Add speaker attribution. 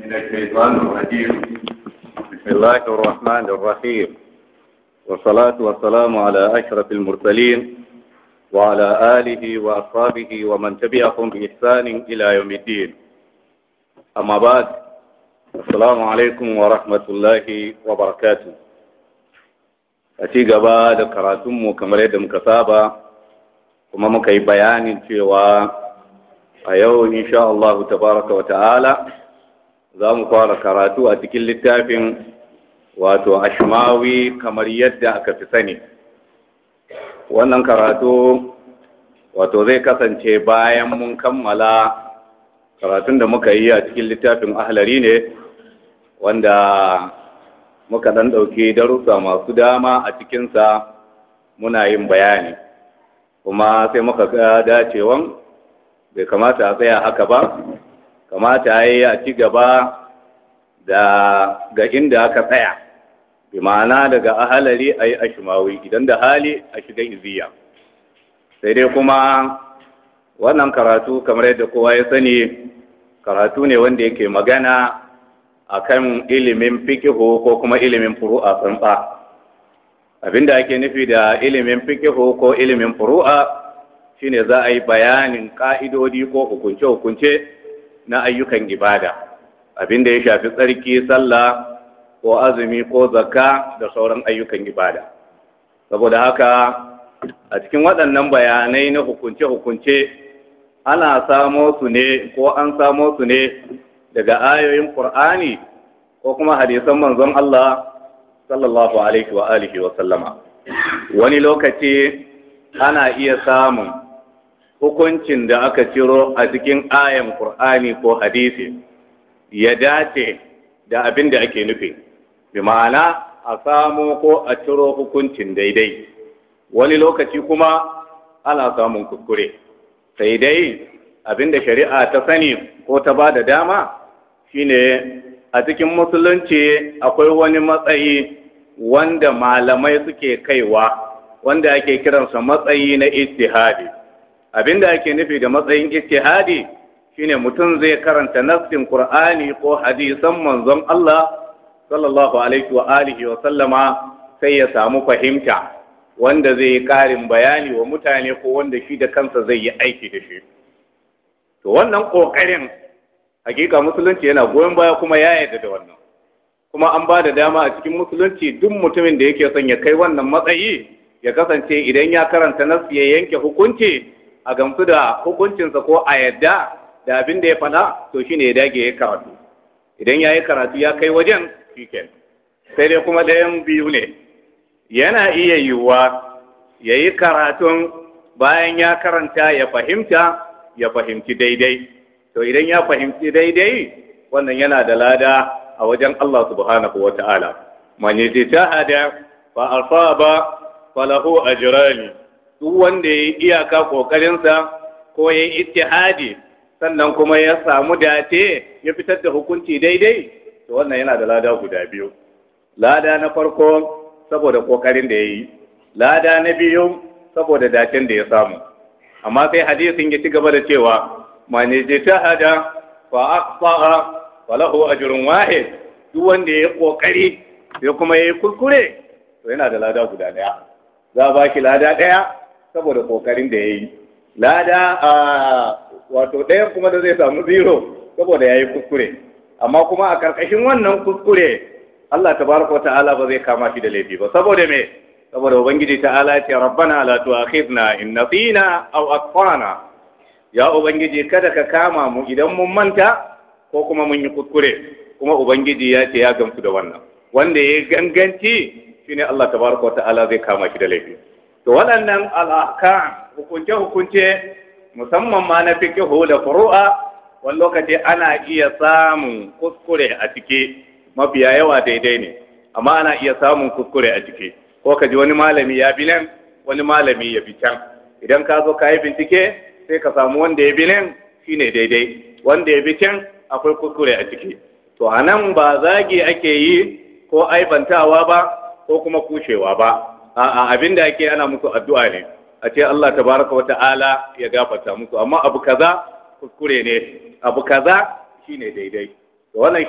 Speaker 1: من الشيطان الرجيم بسم الله الرحمن الرحيم والصلاة والسلام على أشرف المرسلين وعلى آله وأصحابه ومن تبعهم بإحسان إلى يوم الدين أما بعد السلام عليكم ورحمة الله وبركاته أتيجا بعد كراتم كمريد مكتابة وما مكي بيان في a أيوه، إن شاء الله تبارك وتعالى za mu fara karatu a cikin littafin wato ashmawi kamar yadda aka fi sani wannan karatu wato zai kasance bayan mun kammala karatun da muka yi a cikin littafin ahlari ne wanda muka ɗan ɗauki darussa masu dama a cikinsa muna yin bayani kuma sai muka ga dacewan bai kamata a tsaya haka ba kamata ya yi a ci gaba da ga inda aka tsaya bi ma'ana daga ahalari a yi ashimawi idan da hali a shiga iziya sai dai kuma wannan karatu kamar yadda kowa ya sani karatu ne wanda yake magana a kan ilimin fikihu ko kuma ilimin furu'a tsantsa abinda ake nufi da ilimin fikihu ko ilimin furu'a shine za a yi bayanin ƙa'idodi ko hukunce-hukunce na ayyukan ibada abin da ya shafi tsarki sallah ko azumi ko zakka da sauran ayyukan ibada saboda haka a cikin waɗannan bayanai na hukunce-hukunce ana samo su ne ko an samo su ne daga ayoyin ƙur'ani ko kuma hadisan manzon Allah sallallahu alaihi wa alihi wa sallama wani lokaci ana iya samun hukuncin da aka ciro a cikin ayan Qur'ani ko hadisi ya dace da abin da ake nufi bi ma'ana a samu ko a ciro hukuncin daidai wani lokaci kuma ana samun kuskure sai dai abin da shari'a ta sani ko ta ba da dama shine a cikin musulunci akwai wani matsayi wanda malamai suke kaiwa wanda ake kiransa matsayi na istihadi. Abin da ake nufi da matsayin ijtihadi shine mutum zai karanta nassin qur'ani ko hadisan manzon Allah sallallahu alaihi wa alihi wa sallama sai ya samu fahimta wanda zai yi karin bayani wa mutane ko wanda shi da kansa zai yi aiki da shi to wannan kokarin hakika musulunci yana goyon baya kuma ya yarda da wannan kuma an ba da dama a cikin musulunci duk mutumin da yake son ya kai wannan matsayi ya kasance idan ya karanta nasu ya yanke hukunci a gamsu da hukuncinsa ko a yadda da abin da ya faɗa to shine ya dage ya karatu idan ya yi karatu ya kai wajen shiken sai dai kuma ɗayan biyu ne yana iya yiwuwa ya yi karatun bayan ya karanta ya fahimta ya fahimci daidai to idan ya fahimci daidai wannan yana da lada a wajen Allah subhanahu wa ta'ala man yajtahada fa asaba falahu ajrani duk wanda ya yi iyaka ƙoƙarinsa ko ya yi ittihadi sannan kuma ya samu dace ya fitar da hukunci daidai to wannan yana da lada guda biyu lada na farko saboda ƙoƙarin da ya yi lada na biyu saboda dacen da ya samu amma sai hadisin ya ci gaba da cewa man ijtahada fa aqta'a fa lahu ajrun wahid duk wanda ya ƙoƙari ya kuma ya yi kurkure to yana da lada guda ɗaya za a ba ki lada ɗaya saboda kokarin da ya yi lada a wato ɗaya kuma da zai samu zero saboda ya yi kuskure amma kuma a ƙarƙashin wannan kuskure Allah ta wa ta'ala ba zai kama shi da laifi ba saboda me saboda ubangiji ta'ala ya ce rabbana la tu'akhidna in nasina aw akfana ya ubangiji kada ka kama mu idan mun manta ko kuma mun yi kuskure kuma ubangiji ya ce ya gamsu da wannan wanda ya ganganci shine Allah tabaraka wa ta'ala zai kama shi da laifi to waɗannan al'aka hukunce-hukunce musamman ma na fikihu da furu'a wani lokaci ana iya samun kuskure a cike mafiya yawa daidai ne amma ana iya samun kuskure a cike ko ka ji wani malami ya bi nan wani malami ya bi can idan ka zo ka yi bincike sai ka samu wanda ya bi nan shi ne daidai wanda ya bi can akwai kuskure a cike to a nan ba zagi ake yi ko aibantawa ba ko kuma kushewa ba a'a abin da ake ana musu addu'a ne a ce Allah tabaraka wa ta'ala ya gafarta musu amma abu kaza kuskure ne abu kaza shine daidai wannan